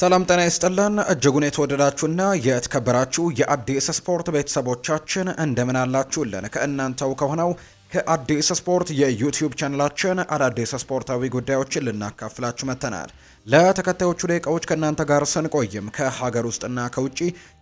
ሰላም ጤና ይስጥልን እጅጉን የተወደዳችሁና የተከበራችሁ የአዲስ ስፖርት ቤተሰቦቻችን እንደምን አላችሁልን? ከእናንተው ከሆነው ከአዲስ ስፖርት የዩቲዩብ ቻነላችን አዳዲስ ስፖርታዊ ጉዳዮችን ልናካፍላችሁ መጥተናል። ለተከታዮቹ ደቂቃዎች ከእናንተ ጋር ስንቆይም ከሀገር ውስጥና ከውጭ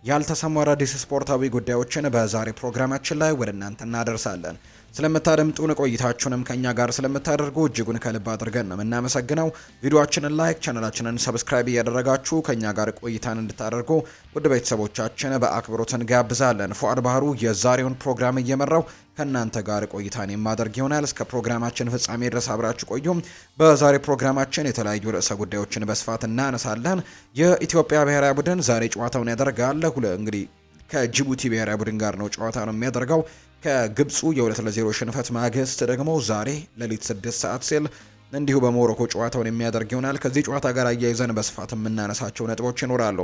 ያልተሰሙ አዳዲስ ስፖርታዊ ጉዳዮችን በዛሬ ፕሮግራማችን ላይ ወደ እናንተ እናደርሳለን። ስለምታደምጡን ቆይታችሁንም ከኛ ጋር ስለምታደርጉ እጅጉን ከልብ አድርገን ነው የምናመሰግነው። ቪዲዮችንን ላይክ፣ ቻናላችንን ሰብስክራይብ እያደረጋችሁ ከኛ ጋር ቆይታን እንድታደርጉ ውድ ቤተሰቦቻችን በአክብሮት እንጋብዛለን። ፉአድ ባህሩ የዛሬውን ፕሮግራም እየመራው ከእናንተ ጋር ቆይታን የማደርግ ይሆናል። እስከ ፕሮግራማችን ፍጻሜ ድረስ አብራችሁ ቆዩም። በዛሬ ፕሮግራማችን የተለያዩ ርዕሰ ጉዳዮችን በስፋት እናነሳለን። የኢትዮጵያ ብሔራዊ ቡድን ዛሬ ጨዋታውን ያደርጋል። እንግዲህ ከጅቡቲ ብሔራዊ ቡድን ጋር ነው ጨዋታ ነው የሚያደርገው። ከግብፁ የ2 ለ0 ሽንፈት ማግስት ደግሞ ዛሬ ሌሊት 6 ሰዓት ሲል እንዲሁ በሞሮኮ ጨዋታውን የሚያደርግ ይሆናል። ከዚህ ጨዋታ ጋር አያይዘን በስፋት የምናነሳቸው ነጥቦች ይኖራሉ።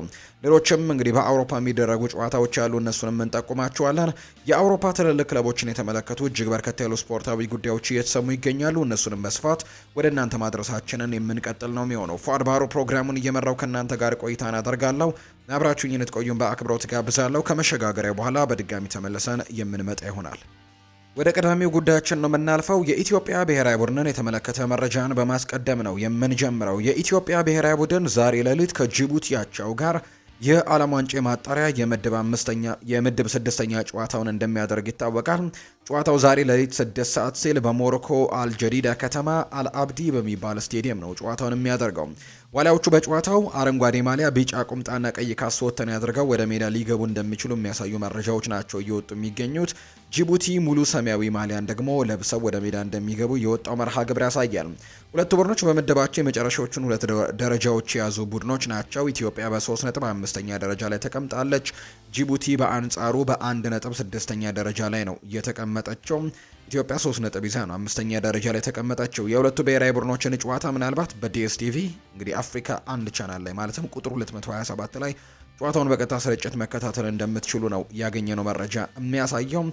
ሌሎችም እንግዲህ በአውሮፓ የሚደረጉ ጨዋታዎች ያሉ እነሱን የምንጠቁማቸዋለን። የአውሮፓ ትልልቅ ክለቦችን የተመለከቱ እጅግ በርከት ያሉ ስፖርታዊ ጉዳዮች እየተሰሙ ይገኛሉ። እነሱንም በስፋት ወደ እናንተ ማድረሳችንን የምንቀጥል ነው የሚሆነው። ፏድ ባሮ ፕሮግራሙን እየመራው ከእናንተ ጋር ቆይታን አደርጋለሁ። አብራችሁኝ እንድትቆዩን በአክብሮት ጋብዛለሁ። ከመሸጋገሪያ በኋላ በድጋሚ ተመልሰን የምንመጣ ይሆናል። ወደ ቀዳሚው ጉዳያችን ነው የምናልፈው። የኢትዮጵያ ብሔራዊ ቡድንን የተመለከተ መረጃን በማስቀደም ነው የምንጀምረው። የኢትዮጵያ ብሔራዊ ቡድን ዛሬ ሌሊት ከጅቡቲያቸው ጋር የዓለም ዋንጫ ማጣሪያ የምድብ አምስተኛ የምድብ ስድስተኛ ጨዋታውን እንደሚያደርግ ይታወቃል። ጨዋታው ዛሬ ሌሊት ስድስት ሰዓት ሲል በሞሮኮ አልጀዲዳ ከተማ አልአብዲ በሚባል ስቴዲየም ነው ጨዋታውን የሚያደርገው። ዋሊያዎቹ በጨዋታው አረንጓዴ ማሊያ፣ ቢጫ ቁምጣና ቀይ ካስ ወተን ያድርገው ወደ ሜዳ ሊገቡ እንደሚችሉ የሚያሳዩ መረጃዎች ናቸው እየወጡ የሚገኙት። ጅቡቲ ሙሉ ሰማያዊ ማሊያን ደግሞ ለብሰው ወደ ሜዳ እንደሚገቡ የወጣው መርሃ ግብር ያሳያል። ሁለቱ ቡድኖች በመደባቸው የመጨረሻዎቹን ሁለት ደረጃዎች የያዙ ቡድኖች ናቸው። ኢትዮጵያ በ3 ነጥብ አምስተኛ ደረጃ ላይ ተቀምጣለች። ጅቡቲ በአንጻሩ በአንድ ነጥብ ስድስተኛ ደረጃ ላይ ነው እየተቀመጠችው። ኢትዮጵያ ሶስት ነጥብ ይዛ ነው አምስተኛ ደረጃ ላይ ተቀመጠችው። የሁለቱ ብሔራዊ ቡድኖችን ጨዋታ ምናልባት በዲኤስቲቪ እንግዲህ አፍሪካ አንድ ቻናል ላይ ማለትም ቁጥር 227 ላይ ጨዋታውን በቀጥታ ስርጭት መከታተል እንደምትችሉ ነው ያገኘነው መረጃ የሚያሳየው።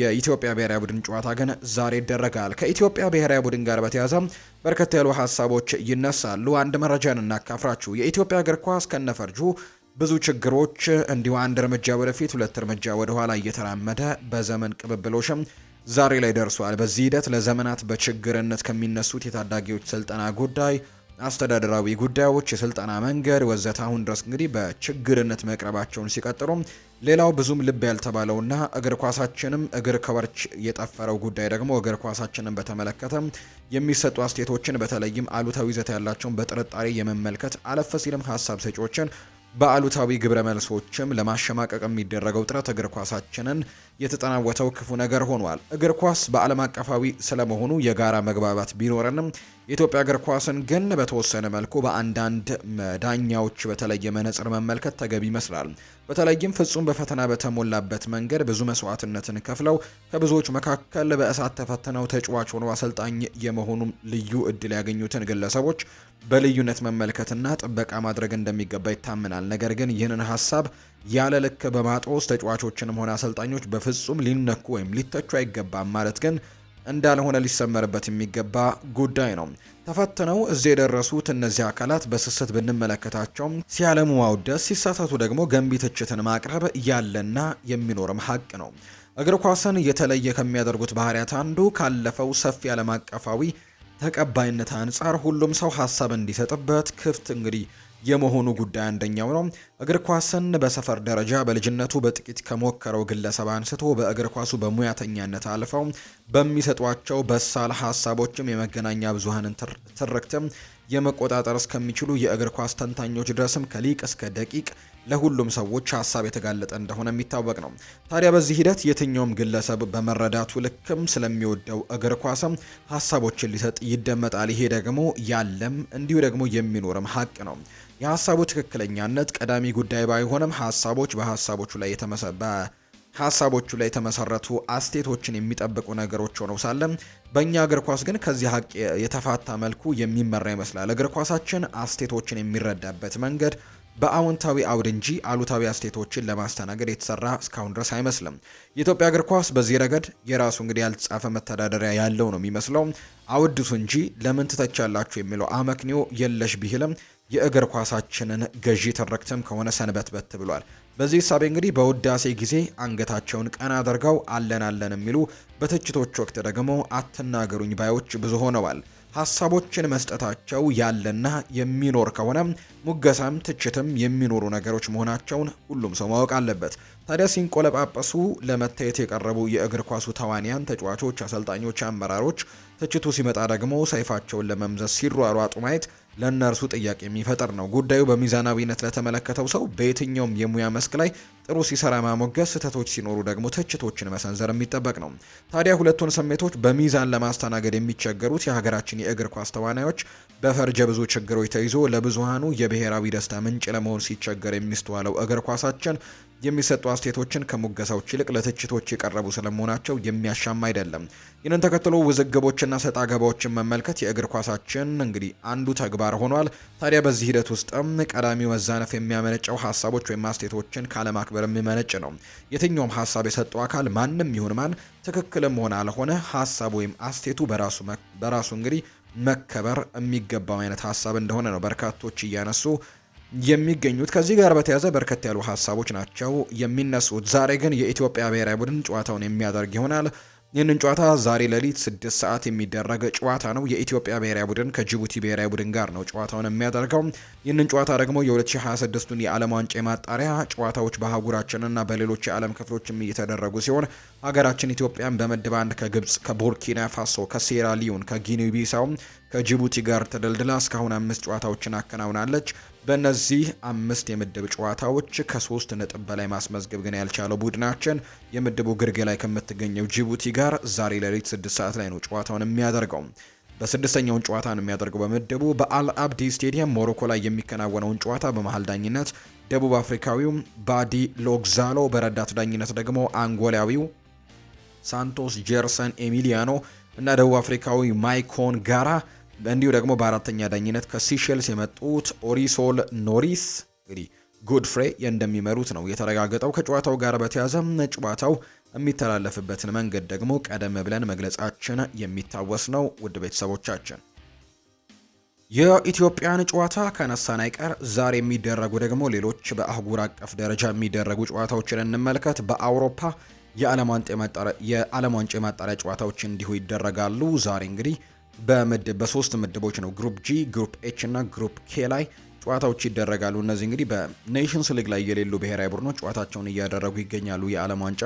የኢትዮጵያ ብሔራዊ ቡድን ጨዋታ ግን ዛሬ ይደረጋል። ከኢትዮጵያ ብሔራዊ ቡድን ጋር በተያያዘ በርከት ያሉ ሀሳቦች ይነሳሉ። አንድ መረጃን እናካፍራችሁ። የኢትዮጵያ እግር ኳስ ከነፈርጁ ብዙ ችግሮች እንዲሁ አንድ እርምጃ ወደፊት ሁለት እርምጃ ወደኋላ እየተራመደ በዘመን ቅብብሎሽም ዛሬ ላይ ደርሷል። በዚህ ሂደት ለዘመናት በችግርነት ከሚነሱት የታዳጊዎች ስልጠና ጉዳይ፣ አስተዳደራዊ ጉዳዮች፣ የስልጠና መንገድ ወዘተ አሁን ድረስ እንግዲህ በችግርነት መቅረባቸውን ሲቀጥሉ ሌላው ብዙም ልብ ያልተባለውና እግር ኳሳችንም እግር ከወርች የጠፈረው ጉዳይ ደግሞ እግር ኳሳችንን በተመለከተ የሚሰጡ አስተያየቶችን በተለይም አሉታዊ ይዘት ያላቸውን በጥርጣሬ የመመልከት አለፈ ሲልም ሀሳብ ሰጪዎችን በአሉታዊ ግብረ መልሶችም ለማሸማቀቅ የሚደረገው ጥረት እግር ኳሳችንን የተጠናወተው ክፉ ነገር ሆኗል። እግር ኳስ በዓለም አቀፋዊ ስለመሆኑ የጋራ መግባባት ቢኖረንም የኢትዮጵያ እግር ኳስን ግን በተወሰነ መልኩ በአንዳንድ ዳኛዎች በተለየ መነጽር መመልከት ተገቢ ይመስላል። በተለይም ፍጹም በፈተና በተሞላበት መንገድ ብዙ መስዋዕትነትን ከፍለው ከብዙዎች መካከል በእሳት ተፈትነው ተጫዋች ሆነው አሰልጣኝ የመሆኑም ልዩ እድል ያገኙትን ግለሰቦች በልዩነት መመልከትና ጥበቃ ማድረግ እንደሚገባ ይታመናል። ነገር ግን ይህንን ሀሳብ ያለ ልክ በማጦስ ተጫዋቾችንም ሆነ አሰልጣኞች በፍጹም ሊነኩ ወይም ሊተቹ አይገባም ማለት ግን እንዳልሆነ ሊሰመርበት የሚገባ ጉዳይ ነው። ተፈትነው እዚህ የደረሱት እነዚህ አካላት በስስት ብንመለከታቸው ሲያለሙ ማውደስ፣ ሲሳሳቱ ደግሞ ገንቢ ትችትን ማቅረብ ያለና የሚኖርም ሀቅ ነው። እግር ኳስን የተለየ ከሚያደርጉት ባህሪያት አንዱ ካለፈው ሰፊ ዓለም አቀፋዊ ተቀባይነት አንጻር ሁሉም ሰው ሀሳብ እንዲሰጥበት ክፍት እንግዲህ የመሆኑ ጉዳይ አንደኛው ነው። እግር ኳስን በሰፈር ደረጃ በልጅነቱ በጥቂት ከሞከረው ግለሰብ አንስቶ በእግር ኳሱ በሙያተኛነት አልፈው በሚሰጧቸው በሳል ሀሳቦችም የመገናኛ ብዙሀንን ትርክትም የመቆጣጠር እስከሚችሉ የእግር ኳስ ተንታኞች ድረስም ከሊቅ እስከ ደቂቅ ለሁሉም ሰዎች ሀሳብ የተጋለጠ እንደሆነ የሚታወቅ ነው። ታዲያ በዚህ ሂደት የትኛውም ግለሰብ በመረዳቱ ልክም ስለሚወደው እግር ኳስም ሀሳቦችን ሊሰጥ ይደመጣል። ይሄ ደግሞ ያለም እንዲሁ ደግሞ የሚኖርም ሀቅ ነው። የሀሳቡ ትክክለኛነት ቀዳሚ ጉዳይ ባይሆንም ሀሳቦች በሀሳቦቹ ላይ የተመሰበ ሀሳቦቹ ላይ የተመሰረቱ አስቴቶችን የሚጠብቁ ነገሮች ሆነው ሳለ በእኛ እግር ኳስ ግን ከዚህ ሀቅ የተፋታ መልኩ የሚመራ ይመስላል። እግር ኳሳችን አስቴቶችን የሚረዳበት መንገድ በአዎንታዊ አውድ እንጂ አሉታዊ አስቴቶችን ለማስተናገድ የተሰራ እስካሁን ድረስ አይመስልም። የኢትዮጵያ እግር ኳስ በዚህ ረገድ የራሱ እንግዲህ ያልተጻፈ መተዳደሪያ ያለው ነው የሚመስለው። አውድቱ እንጂ ለምን ትተቻላችሁ የሚለው አመክንዮ የለሽ ቢህልም የእግር ኳሳችንን ገዢ ትርክትም ከሆነ ሰንበት በት ብሏል። በዚህ ሳቤ እንግዲህ በውዳሴ ጊዜ አንገታቸውን ቀና አድርገው አለን አለን የሚሉ በትችቶች ወቅት ደግሞ አትናገሩኝ ባዮች ብዙ ሆነዋል። ሀሳቦችን መስጠታቸው ያለና የሚኖር ከሆነ ሙገሳም ትችትም የሚኖሩ ነገሮች መሆናቸውን ሁሉም ሰው ማወቅ አለበት። ታዲያ ሲንቆለጳጳሱ ለመታየት የቀረቡ የእግር ኳሱ ተዋንያን፣ ተጫዋቾች፣ አሰልጣኞች፣ አመራሮች ትችቱ ሲመጣ ደግሞ ሰይፋቸውን ለመምዘዝ ሲሯሯጡ ማየት ለእነርሱ ጥያቄ የሚፈጥር ነው። ጉዳዩ በሚዛናዊነት ለተመለከተው ሰው በየትኛውም የሙያ መስክ ላይ ጥሩ ሲሰራ ማሞገስ፣ ስህተቶች ሲኖሩ ደግሞ ትችቶችን መሰንዘር የሚጠበቅ ነው። ታዲያ ሁለቱን ስሜቶች በሚዛን ለማስተናገድ የሚቸገሩት የሀገራችን የእግር ኳስ ተዋናዮች በፈርጀ ብዙ ችግሮች ተይዞ ለብዙሃኑ የብሔራዊ ደስታ ምንጭ ለመሆን ሲቸገር የሚስተዋለው እግር ኳሳችን የሚሰጡ አስተያየቶችን ከሙገሳዎች ይልቅ ለትችቶች የቀረቡ ስለመሆናቸው የሚያሻማ አይደለም። ይህንን ተከትሎ ውዝግቦችና ሰጣ ገባዎችን መመልከት የእግር ኳሳችን እንግዲህ አንዱ ተግባር ሆኗል። ታዲያ በዚህ ሂደት ውስጥም ቀዳሚ መዛነፍ የሚያመነጨው ሀሳቦች ወይም አስተያየቶችን ካለማክበር የሚመነጭ ነው። የትኛውም ሀሳብ የሰጠው አካል ማንም ይሁን ማን ትክክልም ሆነ አልሆነ ሀሳብ ወይም አስተያየቱ በራሱ በራሱ እንግዲህ መከበር የሚገባው አይነት ሀሳብ እንደሆነ ነው በርካቶች እያነሱ የሚገኙት። ከዚህ ጋር በተያዘ በርከት ያሉ ሀሳቦች ናቸው የሚነሱት። ዛሬ ግን የኢትዮጵያ ብሔራዊ ቡድን ጨዋታውን የሚያደርግ ይሆናል። ይህንን ጨዋታ ዛሬ ሌሊት ስድስት ሰዓት የሚደረግ ጨዋታ ነው። የኢትዮጵያ ብሔራዊ ቡድን ከጅቡቲ ብሔራዊ ቡድን ጋር ነው ጨዋታውን የሚያደርገው። ይህንን ጨዋታ ደግሞ የ2026ቱን የዓለም ዋንጫ የማጣሪያ ጨዋታዎች በአህጉራችንና በሌሎች የዓለም ክፍሎችም እየተደረጉ ሲሆን ሀገራችን ኢትዮጵያን በምድብ አንድ ከግብፅ፣ ከቡርኪና ፋሶ፣ ከሴራ ሊዮን፣ ከጊኒ ቢሳው፣ ከጅቡቲ ጋር ተደልድላ እስካሁን አምስት ጨዋታዎችን አከናውናለች። በእነዚህ አምስት የምድብ ጨዋታዎች ከሶስት ነጥብ በላይ ማስመዝገብ ግን ያልቻለው ቡድናችን የምድቡ ግርጌ ላይ ከምትገኘው ጅቡቲ ጋር ዛሬ ሌሊት ስድስት ሰዓት ላይ ነው ጨዋታውን የሚያደርገው። በስድስተኛውን ጨዋታ ነው የሚያደርገው በምድቡ በአል አብዲ ስቴዲየም ሞሮኮ ላይ የሚከናወነውን ጨዋታ በመሀል ዳኝነት ደቡብ አፍሪካዊው ባዲ ሎግዛሎ፣ በረዳት ዳኝነት ደግሞ አንጎላዊው ሳንቶስ ጀርሰን ኤሚሊያኖ እና ደቡብ አፍሪካዊ ማይኮን ጋራ እንዲሁ ደግሞ በአራተኛ ዳኝነት ከሲሼልስ የመጡት ኦሪሶል ኖሪስ እንግዲህ ጉድፍሬ እንደሚመሩት ነው የተረጋገጠው። ከጨዋታው ጋር በተያያዘ ጨዋታው የሚተላለፍበትን መንገድ ደግሞ ቀደም ብለን መግለጻችን የሚታወስ ነው። ውድ ቤተሰቦቻችን የኢትዮጵያን ጨዋታ ከነሳን አይቀር ዛሬ የሚደረጉ ደግሞ ሌሎች በአህጉር አቀፍ ደረጃ የሚደረጉ ጨዋታዎችን እንመልከት። በአውሮፓ የዓለም ዋንጫ የማጣሪያ ጨዋታዎች እንዲሁ ይደረጋሉ። ዛሬ እንግዲህ በሶስት ምድቦች ነው ግሩፕ ጂ፣ ግሩፕ ኤች እና ግሩፕ ኬ ላይ ጨዋታዎች ይደረጋሉ። እነዚህ እንግዲህ በኔሽንስ ሊግ ላይ የሌሉ ብሔራዊ ቡድኖች ጨዋታቸውን እያደረጉ ይገኛሉ። የዓለም ዋንጫ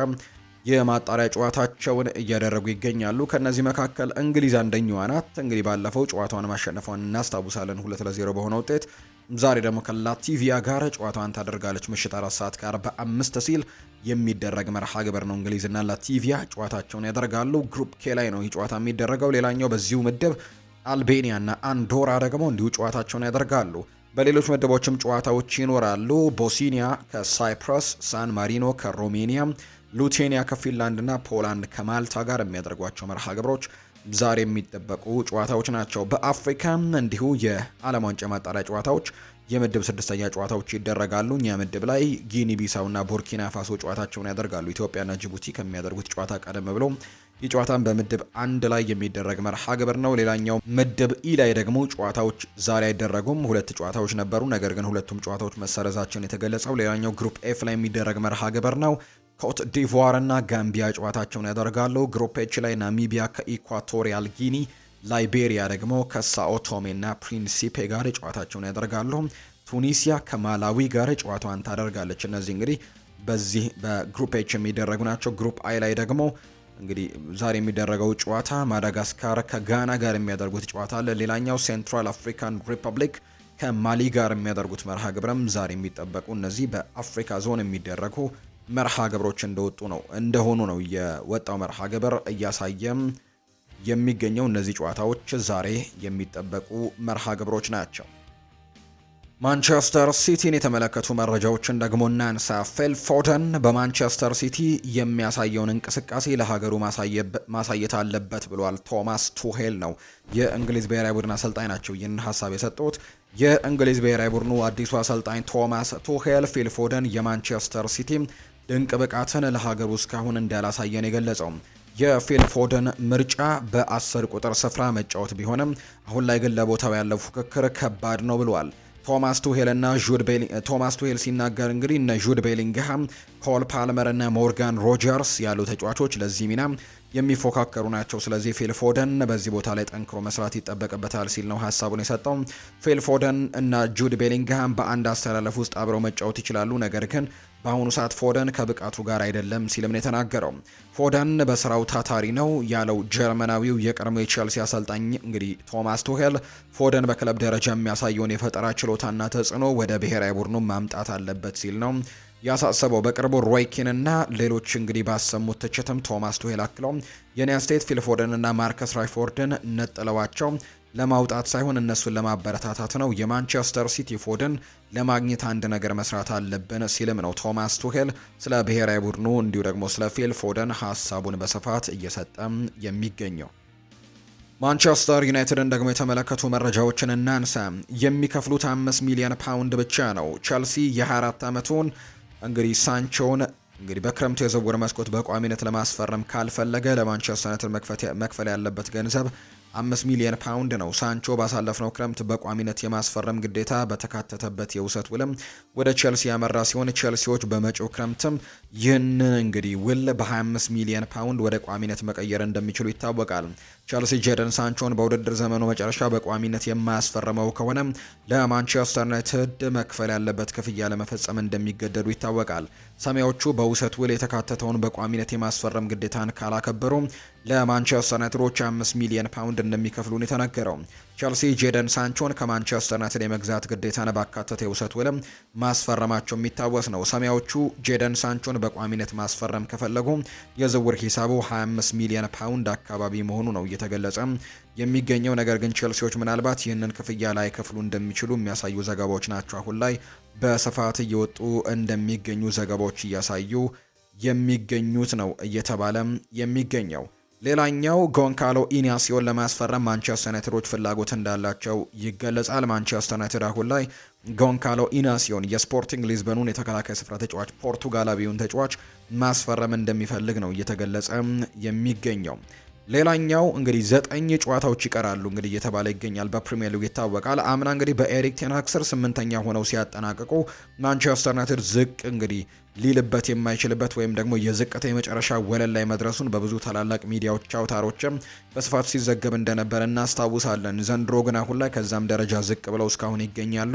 የማጣሪያ ጨዋታቸውን እያደረጉ ይገኛሉ። ከእነዚህ መካከል እንግሊዝ አንደኛዋ ናት። እንግዲህ ባለፈው ጨዋታዋን ማሸነፏን እናስታውሳለን ሁለት ለዜሮ በሆነ ውጤት ዛሬ ደግሞ ከላቲቪያ ጋር ጨዋታዋን ታደርጋለች። ምሽት አራት ሰዓት ከአርባ አምስት ሲል የሚደረግ መርሃ ግብር ነው። እንግሊዝና ላቲቪያ ጨዋታቸውን ያደርጋሉ። ግሩፕ ኬ ላይ ነው ይህ ጨዋታ የሚደረገው። ሌላኛው በዚሁ ምድብ አልቤኒያና አንዶራ ደግሞ እንዲሁ ጨዋታቸውን ያደርጋሉ። በሌሎች ምድቦችም ጨዋታዎች ይኖራሉ። ቦስኒያ ከሳይፕረስ፣ ሳን ማሪኖ ከሮሜኒያ፣ ሉቴኒያ ከፊንላንድና ፖላንድ ከማልታ ጋር የሚያደርጓቸው መርሃ ግብሮች ዛሬ የሚጠበቁ ጨዋታዎች ናቸው። በአፍሪካም እንዲሁ የዓለም ዋንጫ ማጣሪያ ጨዋታዎች የምድብ ስድስተኛ ጨዋታዎች ይደረጋሉ። እኛ ምድብ ላይ ጊኒ ቢሳውና ቡርኪና ፋሶ ጨዋታቸውን ያደርጋሉ። ኢትዮጵያና ጅቡቲ ከሚያደርጉት ጨዋታ ቀደም ብሎ ይህ ጨዋታን በምድብ አንድ ላይ የሚደረግ መርሃ ግብር ነው። ሌላኛው ምድብ ኢ ላይ ደግሞ ጨዋታዎች ዛሬ አይደረጉም። ሁለት ጨዋታዎች ነበሩ፣ ነገር ግን ሁለቱም ጨዋታዎች መሰረዛቸውን የተገለጸው። ሌላኛው ግሩፕ ኤፍ ላይ የሚደረግ መርሃ ግብር ነው። ኮት ዲቮር እና ጋምቢያ ጨዋታቸውን ያደርጋሉ። ግሩፕ ኤች ላይ ናሚቢያ ከኢኳቶሪያል ጊኒ፣ ላይቤሪያ ደግሞ ከሳኦ ቶሜ እና ፕሪንሲፔ ጋር ጨዋታቸውን ያደርጋሉ። ቱኒሲያ ከማላዊ ጋር ጨዋታዋን ታደርጋለች። እነዚህ እንግዲህ በዚህ በግሩፕ ኤች የሚደረጉ ናቸው። ግሩፕ አይ ላይ ደግሞ እንግዲህ ዛሬ የሚደረገው ጨዋታ ማዳጋስካር ከጋና ጋር የሚያደርጉት ጨዋታ አለ። ሌላኛው ሴንትራል አፍሪካን ሪፐብሊክ ከማሊ ጋር የሚያደርጉት መርሃ ግብረም ዛሬ የሚጠበቁ እነዚህ በአፍሪካ ዞን የሚደረጉ መርሃ ግብሮች እንደወጡ ነው እንደሆኑ ነው የወጣው መርሃ ግብር እያሳየም የሚገኘው እነዚህ ጨዋታዎች ዛሬ የሚጠበቁ መርሃ ግብሮች ናቸው። ማንቸስተር ሲቲን የተመለከቱ መረጃዎችን ደግሞ እናንሳ። ፊል ፎደን በማንቸስተር ሲቲ የሚያሳየውን እንቅስቃሴ ለሀገሩ ማሳየት አለበት ብሏል። ቶማስ ቱሄል ነው የእንግሊዝ ብሔራዊ ቡድን አሰልጣኝ ናቸው ይህን ሀሳብ የሰጡት። የእንግሊዝ ብሔራዊ ቡድኑ አዲሱ አሰልጣኝ ቶማስ ቱሄል ፊል ፎደን የማንቸስተር ሲቲ ድንቅ ብቃትን ለሀገሩ እስካሁን እንዳላሳየን የገለጸው የፊል ፎደን ምርጫ በአስር ቁጥር ስፍራ መጫወት ቢሆንም አሁን ላይ ግን ለቦታው ያለው ፉክክር ከባድ ነው ብሏል። ቶማስ ቱሄል እና ጁድ ቶማስ ቱሄል ሲናገር እንግዲህ እነ ጁድ ቤሊንግሃም፣ ኮል ፓልመር እና ሞርጋን ሮጀርስ ያሉ ተጫዋቾች ለዚህ ሚና የሚፎካከሩ ናቸው። ስለዚህ ፊልፎደን በዚህ ቦታ ላይ ጠንክሮ መስራት ይጠበቅበታል ሲል ነው ሀሳቡን የሰጠው። ፊልፎደን እና ጁድ ቤሊንግሃም በአንድ አሰላለፍ ውስጥ አብረው መጫወት ይችላሉ፣ ነገር ግን በአሁኑ ሰዓት ፎደን ከብቃቱ ጋር አይደለም ሲልም ነው የተናገረው። ፎደን በስራው ታታሪ ነው ያለው ጀርመናዊው የቀድሞ የቼልሲ አሰልጣኝ እንግዲህ ቶማስ ቱሄል ፎደን በክለብ ደረጃ የሚያሳየውን የፈጠራ ችሎታና ተጽዕኖ ወደ ብሔራዊ ቡድኑ ማምጣት አለበት ሲል ነው ያሳሰበው። በቅርቡ ሮይኪንና ሌሎች እንግዲህ ባሰሙት ትችትም ቶማስ ቱሄል አክለው የኔ ስቴት ፊል ማርከስ ራይፎርድን ነጥለዋቸው ለማውጣት ሳይሆን እነሱን ለማበረታታት ነው። የማንቸስተር ሲቲ ፎድን ለማግኘት አንድ ነገር መስራት አለብን ሲልም ነው ቶማስ ቱሄል ስለ ብሔራዊ ቡድኑ እንዲሁ ደግሞ ስለ ፊል ፎደን ሀሳቡን በስፋት እየሰጠም የሚገኘው። ማንቸስተር ዩናይትድን ደግሞ የተመለከቱ መረጃዎችን እናንሳ። የሚከፍሉት አምስት ሚሊዮን ፓውንድ ብቻ ነው። ቸልሲ የ24 ዓመቱን እንግዲህ ሳንቾን እንግዲህ በክረምቱ የዝውውር መስኮት በቋሚነት ለማስፈረም ካልፈለገ ለማንቸስተር ዩናይትድ መክፈል ያለበት ገንዘብ አምስት ሚሊዮን ፓውንድ ነው። ሳንቾ ባሳለፍነው ክረምት በቋሚነት የማስፈረም ግዴታ በተካተተበት የውሰት ውልም ወደ ቼልሲ ያመራ ሲሆን ቼልሲዎች በመጪው ክረምትም ይህንን እንግዲህ ውል በ25 ሚሊዮን ፓውንድ ወደ ቋሚነት መቀየር እንደሚችሉ ይታወቃል። ቼልሲ ጄደን ሳንቾን በውድድር ዘመኑ መጨረሻ በቋሚነት የማያስፈርመው ከሆነ ለማንቸስተር ዩናይትድ መክፈል ያለበት ክፍያ ለመፈጸም እንደሚገደዱ ይታወቃል። ሰማያዎቹ በውሰት ውል የተካተተውን በቋሚነት የማስፈረም ግዴታን ካላከበሩ ለማንቸስተር ዩናይትዶች 5 ሚሊዮን ፓውንድ እንደሚከፍሉን የተነገረው ቸልሲ ጄደን ሳንቾን ከማንቸስተር ዩናይትድ የመግዛት ግዴታን ባካተተ የውሰት ውልም ማስፈረማቸው የሚታወስ ነው። ሰማያዎቹ ጄደን ሳንቾን በቋሚነት ማስፈረም ከፈለጉ የዝውውር ሂሳቡ 25 ሚሊዮን ፓውንድ አካባቢ መሆኑ ነው እየተገለጸ የሚገኘው። ነገር ግን ቸልሲዎች ምናልባት ይህንን ክፍያ ላይ ከፍሉ እንደሚችሉ የሚያሳዩ ዘገባዎች ናቸው አሁን ላይ በስፋት እየወጡ እንደሚገኙ ዘገባዎች እያሳዩ የሚገኙት ነው እየተባለም የሚገኘው። ሌላኛው ጎንካሎ ኢናሲዮን ለማስፈረም ማንቸስተር ዩናይትዶች ፍላጎት እንዳላቸው ይገለጻል። ማንቸስተር ዩናይትድ አሁን ላይ ጎንካሎ ኢናሲዮን የስፖርቲንግ ሊዝበኑን የተከላካይ ስፍራ ተጫዋች ፖርቱጋላዊውን ተጫዋች ማስፈረም እንደሚፈልግ ነው እየተገለጸ የሚገኘው። ሌላኛው እንግዲህ ዘጠኝ ጨዋታዎች ይቀራሉ እንግዲህ እየተባለ ይገኛል። በፕሪሚየር ሊግ ይታወቃል። አምና እንግዲህ በኤሪክ ቴናክ ስር ስምንተኛ ሆነው ሲያጠናቅቁ ማንቸስተር ዩናይትድ ዝቅ እንግዲህ ሊልበት የማይችልበት ወይም ደግሞ የዝቅተ የመጨረሻ ወለል ላይ መድረሱን በብዙ ታላላቅ ሚዲያዎች አውታሮችም በስፋት ሲዘገብ እንደነበረ እናስታውሳለን። ዘንድሮ ግን አሁን ላይ ከዛም ደረጃ ዝቅ ብለው እስካሁን ይገኛሉ።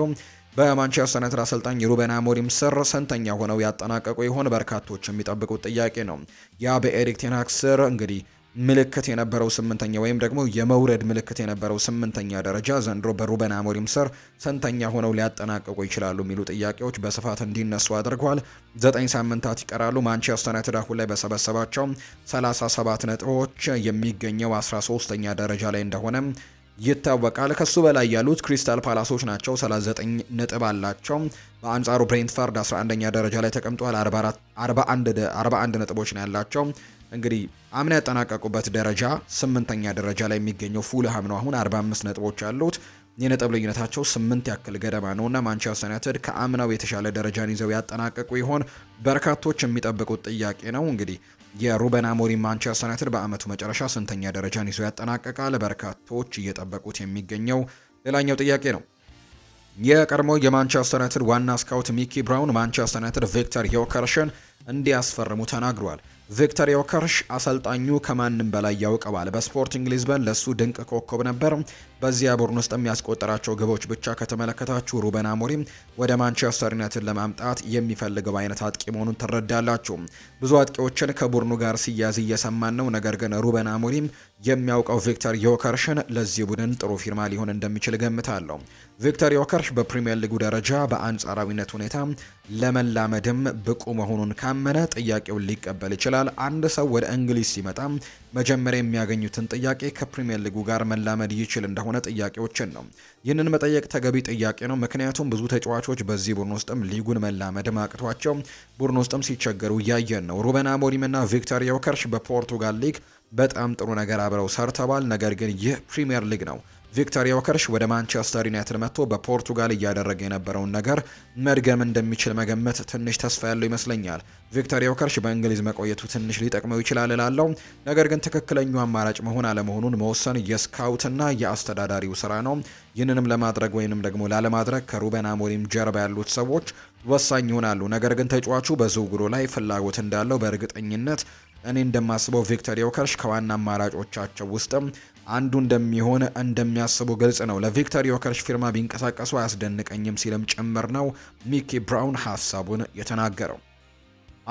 በማንቸስተር ዩናይትድ አሰልጣኝ ሩበን አሞሪም ስር ስንተኛ ሆነው ያጠናቀቁ ይሆን? በርካቶች የሚጠብቁት ጥያቄ ነው። ያ በኤሪክ ቴናክ ስር እንግዲህ ምልክት የነበረው ስምንተኛ ወይም ደግሞ የመውረድ ምልክት የነበረው ስምንተኛ ደረጃ ዘንድሮ በሩበን አሞሪም ስር ስንተኛ ሆነው ሊያጠናቀቁ ይችላሉ የሚሉ ጥያቄዎች በስፋት እንዲነሱ አድርጓል። ዘጠኝ ሳምንታት ይቀራሉ። ማንቸስተር ዩናይትድ አሁን ላይ በሰበሰባቸው 37 ነጥቦች የሚገኘው 13 ተኛ ደረጃ ላይ እንደሆነ ይታወቃል። ከሱ በላይ ያሉት ክሪስታል ፓላሶች ናቸው፣ 39 ነጥብ አላቸው። በአንጻሩ ብሬንትፋርድ 11ኛ ደረጃ ላይ ተቀምጧል፣ 41 ነጥቦች ነው ያላቸው። እንግዲህ አምና ያጠናቀቁበት ደረጃ ስምንተኛ ደረጃ ላይ የሚገኘው ፉልሃም ነው። አሁን 45 ነጥቦች አሉት። የነጥብ ልዩነታቸው ስምንት ያክል ገደማ ነውና ማንቸስተር ዩናይትድ ከአምናው የተሻለ ደረጃን ይዘው ያጠናቀቁ ይሆን? በርካቶች የሚጠብቁት ጥያቄ ነው። እንግዲህ የሩበን አሞሪ ማንቸስተር ዩናይትድ በአመቱ መጨረሻ ስንተኛ ደረጃን ይዘው ያጠናቀቃል? በርካቶች እየጠበቁት የሚገኘው ሌላኛው ጥያቄ ነው። የቀድሞ የማንቸስተር ዩናይትድ ዋና ስካውት ሚኪ ብራውን ማንቸስተር ዩናይትድ ቪክተር ዮከርሽን እንዲያስፈርሙ ተናግሯል። ቪክተር ዮከርሽ አሰልጣኙ ከማንም በላይ ያውቀዋል። በስፖርቲንግ ሊዝበን ለሱ ድንቅ ኮከብ ነበር። በዚያ ቡድን ውስጥ የሚያስቆጠራቸው ግቦች ብቻ ከተመለከታችሁ ሩበን አሞሪም ወደ ማንቸስተር ዩናይትድ ለማምጣት የሚፈልገው አይነት አጥቂ መሆኑን ትረዳላችሁ። ብዙ አጥቂዎችን ከቡድኑ ጋር ሲያዝ እየሰማን ነው። ነገር ግን ሩበን አሞሪም የሚያውቀው ቪክተር ዮከርሽን ለዚህ ቡድን ጥሩ ፊርማ ሊሆን እንደሚችል ገምታለሁ። ቪክተር ዮከርሽ በፕሪምየር ሊጉ ደረጃ በአንጻራዊነት ሁኔታ ለመላመድም ብቁ መሆኑን ካመነ ጥያቄውን ሊቀበል ይችላል። አንድ ሰው ወደ እንግሊዝ ሲመጣ መጀመሪያ የሚያገኙትን ጥያቄ ከፕሪምየር ሊጉ ጋር መላመድ ይችል እንደሆነ ጥያቄዎችን ነው። ይህንን መጠየቅ ተገቢ ጥያቄ ነው። ምክንያቱም ብዙ ተጫዋቾች በዚህ ቡድን ውስጥም ሊጉን መላመድ ማቅቷቸው ቡድን ውስጥም ሲቸገሩ እያየን ነው። ሩበን አሞሪም እና ቪክተር ዮከርሽ በፖርቱጋል ሊግ በጣም ጥሩ ነገር አብረው ሰርተዋል። ነገር ግን ይህ ፕሪምየር ሊግ ነው። ቪክተር ዮከርሽ ወደ ማንቸስተር ዩናይትድ መጥቶ በፖርቱጋል እያደረገ የነበረውን ነገር መድገም እንደሚችል መገመት ትንሽ ተስፋ ያለው ይመስለኛል። ቪክተር ዮከርሽ በእንግሊዝ መቆየቱ ትንሽ ሊጠቅመው ይችላል ላለው ነገር ግን ትክክለኛው አማራጭ መሆን አለመሆኑን መወሰን የስካውትና የአስተዳዳሪው ስራ ነው። ይህንንም ለማድረግ ወይንም ደግሞ ላለማድረግ ከሩበን አሞሪም ጀርባ ያሉት ሰዎች ወሳኝ ይሆናሉ። ነገር ግን ተጫዋቹ በዝውውሩ ላይ ፍላጎት እንዳለው በእርግጠኝነት እኔ እንደማስበው ቪክተር ዮከርሽ ከዋና አማራጮቻቸው ውስጥም አንዱ እንደሚሆን እንደሚያስቡ ግልጽ ነው። ለቪክተር ዮከርሽ ፊርማ ቢንቀሳቀሱ አያስደንቀኝም ሲልም ጭምር ነው ሚኪ ብራውን ሀሳቡን የተናገረው።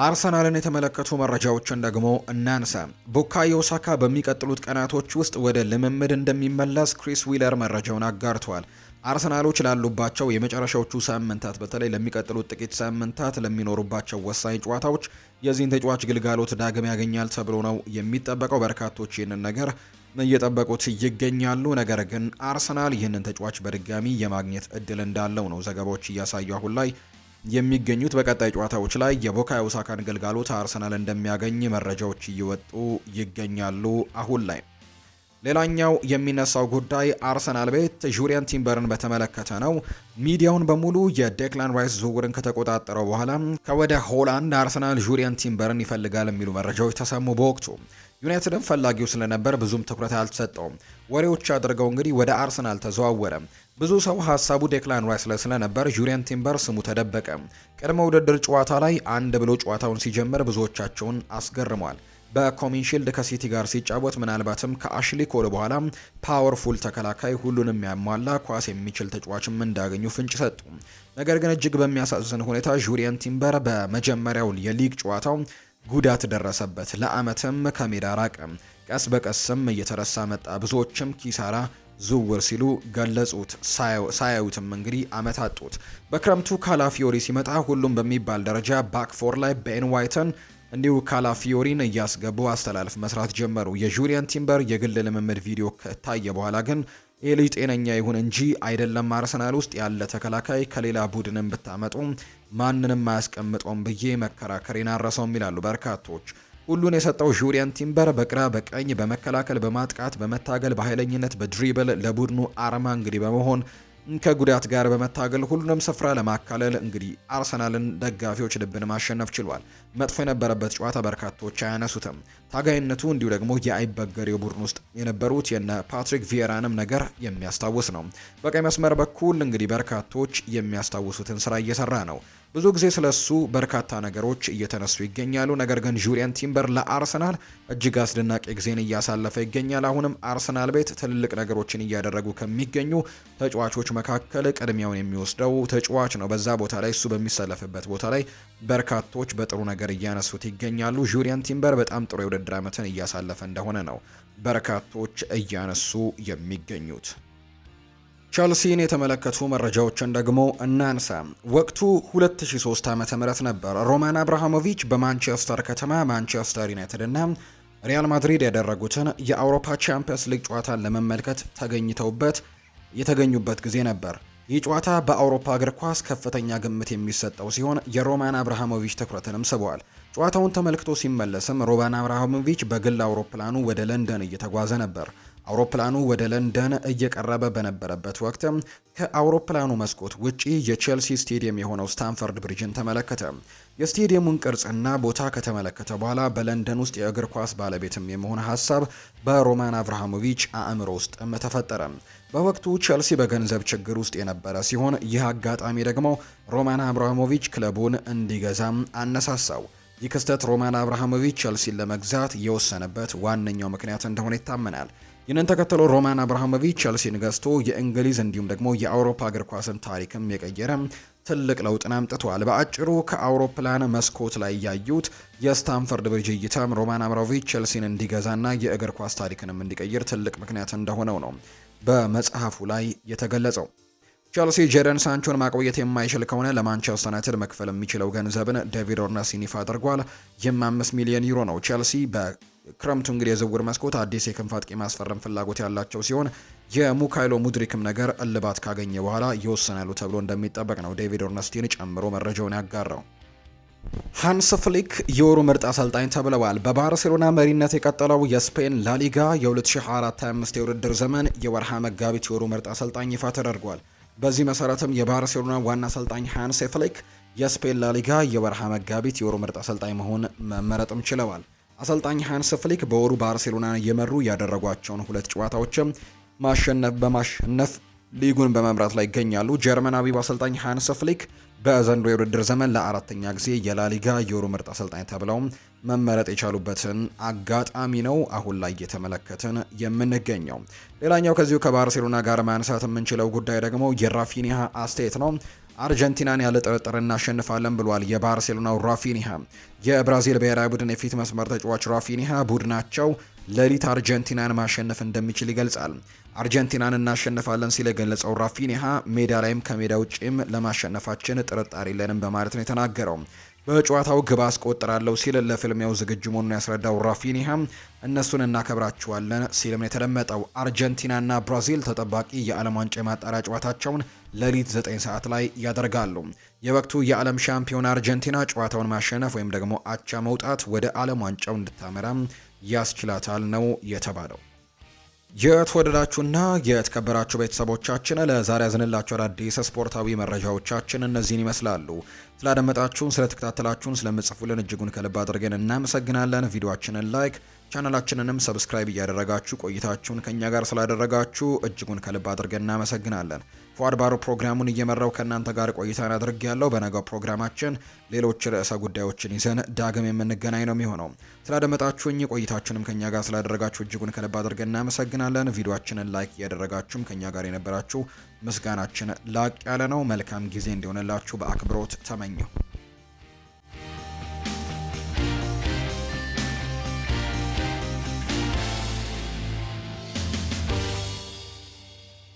አርሰናልን የተመለከቱ መረጃዎችን ደግሞ እናንሳ። ቡካዮ ሳካ በሚቀጥሉት ቀናቶች ውስጥ ወደ ልምምድ እንደሚመለስ ክሪስ ዊለር መረጃውን አጋርተዋል። አርሰናሎች ላሉባቸው የመጨረሻዎቹ ሳምንታት በተለይ ለሚቀጥሉት ጥቂት ሳምንታት ለሚኖሩባቸው ወሳኝ ጨዋታዎች የዚህን ተጫዋች ግልጋሎት ዳግም ያገኛል ተብሎ ነው የሚጠበቀው። በርካቶች ይህንን ነገር እየጠበቁት ይገኛሉ። ነገር ግን አርሰናል ይህንን ተጫዋች በድጋሚ የማግኘት እድል እንዳለው ነው ዘገባዎች እያሳዩ አሁን ላይ የሚገኙት። በቀጣይ ጨዋታዎች ላይ የቡካዮ ሳካን ግልጋሎት አርሰናል እንደሚያገኝ መረጃዎች እየወጡ ይገኛሉ አሁን ላይ ሌላኛው የሚነሳው ጉዳይ አርሰናል ቤት ጁሪያን ቲምበርን በተመለከተ ነው። ሚዲያውን በሙሉ የዴክላን ራይስ ዝውውርን ከተቆጣጠረው በኋላ ከወደ ሆላንድ አርሰናል ጁሪያን ቲምበርን ይፈልጋል የሚሉ መረጃዎች ተሰሙ። በወቅቱ ዩናይትድን ፈላጊው ስለነበር ብዙም ትኩረት አልተሰጠውም። ወሬዎች አድርገው እንግዲህ ወደ አርሰናል ተዘዋወረ። ብዙ ሰው ሀሳቡ ዴክላን ራይስ ላይ ስለነበር ጁሪያን ቲምበር ስሙ ተደበቀ። ቅድመ ውድድር ጨዋታ ላይ አንድ ብሎ ጨዋታውን ሲጀምር ብዙዎቻቸውን አስገርሟል። በኮሚንሺልድ ከሲቲ ጋር ሲጫወት ምናልባትም ከአሽሊ ኮል በኋላ ፓወርፉል ተከላካይ ሁሉንም ያሟላ ኳስ የሚችል ተጫዋችም እንዳገኙ ፍንጭ ሰጡ። ነገር ግን እጅግ በሚያሳዝን ሁኔታ ጁሪየን ቲምበር በመጀመሪያው የሊግ ጨዋታው ጉዳት ደረሰበት፣ ለአመትም ከሜዳ ራቀ። ቀስ በቀስም እየተረሳ መጣ። ብዙዎችም ኪሳራ ዝውውር ሲሉ ገለጹት። ሳያዩትም እንግዲህ አመት አጡት። በክረምቱ ካላፊዮሪ ሲመጣ ሁሉም በሚባል ደረጃ ባክፎር ላይ ቤን ዋይተን እንዲሁ ካላፊዮሪን እያስገቡ አስተላልፍ መስራት ጀመሩ። የጁሪየን ቲምበር የግል ልምምድ ቪዲዮ ከታየ በኋላ ግን ይህ ልጅ ጤነኛ ይሁን እንጂ አይደለም አርሰናል ውስጥ ያለ ተከላካይ ከሌላ ቡድንም ብታመጡ ማንንም አያስቀምጠውም ብዬ መከራከሬን አረሰውም ይላሉ በርካቶች። ሁሉን የሰጠው ጁሪየን ቲምበር በግራ በቀኝ በመከላከል በማጥቃት በመታገል በኃይለኝነት በድሪብል ለቡድኑ አርማ እንግዲህ በመሆን ከጉዳት ጋር በመታገል ሁሉንም ስፍራ ለማካለል እንግዲህ አርሰናልን ደጋፊዎች ልብን ማሸነፍ ችሏል። መጥፎ የነበረበት ጨዋታ በርካቶች አያነሱትም። ታጋይነቱ እንዲሁ ደግሞ የአይበገሬው ቡድን ውስጥ የነበሩት የነ ፓትሪክ ቪየራንም ነገር የሚያስታውስ ነው። በቀኝ መስመር በኩል እንግዲህ በርካቶች የሚያስታውሱትን ስራ እየሰራ ነው። ብዙ ጊዜ ስለሱ በርካታ ነገሮች እየተነሱ ይገኛሉ። ነገር ግን ጁሪየን ቲምበር ለአርሰናል እጅግ አስደናቂ ጊዜን እያሳለፈ ይገኛል። አሁንም አርሰናል ቤት ትልልቅ ነገሮችን እያደረጉ ከሚገኙ ተጫዋቾች መካከል ቅድሚያውን የሚወስደው ተጫዋች ነው። በዛ ቦታ ላይ እሱ በሚሰለፍበት ቦታ ላይ በርካቶች በጥሩ ነገር እያነሱት ይገኛሉ። ጁሪየን ቲምበር በጣም ጥሩ የውድድር ዓመትን እያሳለፈ እንደሆነ ነው በርካቶች እያነሱ የሚገኙት። ቸልሲን የተመለከቱ መረጃዎችን ደግሞ እናንሳ። ወቅቱ 2003 ዓ ም ነበር። ሮማን አብርሃሞቪች በማንቸስተር ከተማ ማንቸስተር ዩናይትድ እና ሪያል ማድሪድ ያደረጉትን የአውሮፓ ቻምፒየንስ ሊግ ጨዋታን ለመመልከት ተገኝተውበት የተገኙበት ጊዜ ነበር። ይህ ጨዋታ በአውሮፓ እግር ኳስ ከፍተኛ ግምት የሚሰጠው ሲሆን የሮማን አብርሃሞቪች ትኩረትንም ስቧል። ጨዋታውን ተመልክቶ ሲመለስም ሮማን አብርሃሞቪች በግል አውሮፕላኑ ወደ ለንደን እየተጓዘ ነበር። አውሮፕላኑ ወደ ለንደን እየቀረበ በነበረበት ወቅት ከአውሮፕላኑ መስኮት ውጪ የቼልሲ ስቴዲየም የሆነው ስታንፈርድ ብሪጅን ተመለከተ። የስቴዲየሙን ቅርጽና ቦታ ከተመለከተ በኋላ በለንደን ውስጥ የእግር ኳስ ባለቤትም የመሆን ሀሳብ በሮማን አብርሃሞቪች አእምሮ ውስጥም ተፈጠረ። በወቅቱ ቼልሲ በገንዘብ ችግር ውስጥ የነበረ ሲሆን ይህ አጋጣሚ ደግሞ ሮማን አብርሃሞቪች ክለቡን እንዲገዛም አነሳሳው። ይህ ክስተት ሮማን አብርሃሞቪች ቼልሲን ለመግዛት የወሰነበት ዋነኛው ምክንያት እንደሆነ ይታመናል። ይህንን ተከትሎ ሮማን አብርሃሞቪች ቸልሲን ገዝቶ የእንግሊዝ እንዲሁም ደግሞ የአውሮፓ እግር ኳስን ታሪክም የቀየረ ትልቅ ለውጥን አምጥቷል። በአጭሩ ከአውሮፕላን መስኮት ላይ ያዩት የስታንፈርድ ብርጅ እይታም ሮማን አብርሃሞቪች ቸልሲን እንዲገዛና የእግር ኳስ ታሪክንም እንዲቀይር ትልቅ ምክንያት እንደሆነው ነው በመጽሐፉ ላይ የተገለጸው። ቸልሲ ጀደን ሳንቾን ማቆየት የማይችል ከሆነ ለማንቸስተር ዩናይትድ መክፈል የሚችለው ገንዘብን ዴቪድ ኦርነስቲን ይፋ አድርጓል። ይህም አምስት ሚሊዮን ዩሮ ነው። ቸልሲ በክረምቱ እንግዲህ የዝውውር መስኮት አዲስ የክንፍ አጥቂ ማስፈረም ፍላጎት ያላቸው ሲሆን የሙካይሎ ሙድሪክም ነገር እልባት ካገኘ በኋላ ይወሰናሉ ተብሎ እንደሚጠበቅ ነው ዴቪድ ኦርነስቲን ጨምሮ መረጃውን ያጋራው። ሃንስ ፍሊክ የወሩ ምርጥ አሰልጣኝ ተብለዋል። በባርሴሎና መሪነት የቀጠለው የስፔን ላሊጋ የ2024/25 የውድድር ዘመን የወርሃ መጋቢት የወሩ ምርጥ አሰልጣኝ ይፋ ተደርጓል። በዚህ መሰረትም የባርሴሎና ዋና አሰልጣኝ ሃንስ ፍሊክ የስፔን ላሊጋ የወርሃ መጋቢት የወሩ ምርጥ አሰልጣኝ መሆን መመረጥም ችለዋል። አሰልጣኝ ሃንስ ፍሊክ በወሩ ባርሴሎና እየመሩ ያደረጓቸውን ሁለት ጨዋታዎችም ማሸነፍ በማሸነፍ ሊጉን በመምራት ላይ ይገኛሉ። ጀርመናዊው አሰልጣኝ ሃንስ ፍሊክ በዘንድሮ የውድድር ዘመን ለአራተኛ ጊዜ የላሊጋ የወሩ ምርጥ አሰልጣኝ ተብለው መመረጥ የቻሉበትን አጋጣሚ ነው አሁን ላይ እየተመለከትን የምንገኘው። ሌላኛው ከዚሁ ከባርሴሎና ጋር ማንሳት የምንችለው ጉዳይ ደግሞ የራፊኒሃ አስተያየት ነው። አርጀንቲናን ያለ ጥርጥር እናሸንፋለን ብሏል የባርሴሎናው ራፊኒሃ። የብራዚል ብሔራዊ ቡድን የፊት መስመር ተጫዋች ራፊኒሃ ቡድናቸው ሌሊት አርጀንቲናን ማሸነፍ እንደሚችል ይገልጻል። አርጀንቲናን እናሸንፋለን ሲል የገለጸው ራፊኒሃ ሜዳ ላይም ከሜዳ ውጭም ለማሸነፋችን ጥርጣሬ የለንም በማለት ነው የተናገረው። በጨዋታው ግብ አስቆጥራለሁ ሲል ለፍልሚያው ዝግጁ መሆኑን ያስረዳው ራፊኒሃ እነሱን እናከብራቸዋለን ሲልም የተደመጠው። አርጀንቲናና ብራዚል ተጠባቂ የዓለም ዋንጫ የማጣሪያ ጨዋታቸውን ሌሊት 9 ሰዓት ላይ ያደርጋሉ። የወቅቱ የዓለም ሻምፒዮን አርጀንቲና ጨዋታውን ማሸነፍ ወይም ደግሞ አቻ መውጣት ወደ ዓለም ዋንጫው እንድታመራ ያስችላታል ነው የተባለው። የተወደዳችሁና የተከበራችሁ ቤተሰቦቻችን ለዛሬ ያዝንላችሁ አዳዲስ ስፖርታዊ መረጃዎቻችን እነዚህን ይመስላሉ። ስላደመጣችሁን፣ ስለተከታተላችሁን፣ ስለምጽፉልን እጅጉን ከልብ አድርገን እናመሰግናለን። ቪዲዮችንን ላይክ ቻናላችንንም ሰብስክራይብ እያደረጋችሁ ቆይታችሁን ከእኛ ጋር ስላደረጋችሁ እጅጉን ከልብ አድርገን እናመሰግናለን። ፏድ ፕሮግራሙን እየመራው ከእናንተ ጋር ቆይታን አድርግ ያለው። በነገው ፕሮግራማችን ሌሎች ርዕሰ ጉዳዮችን ይዘን ዳግም የምንገናኝ ነው የሚሆነው። ስላደመጣችሁኝ ቆይታችንም ከኛ ጋር ስላደረጋችሁ እጅጉን ከልብ አድርገን እናመሰግናለን። ቪዲዮችንን ላይክ እያደረጋችሁም ከኛ ጋር የነበራችሁ ምስጋናችን ላቅ ያለ ነው። መልካም ጊዜ እንዲሆንላችሁ በአክብሮት ተመኘሁ።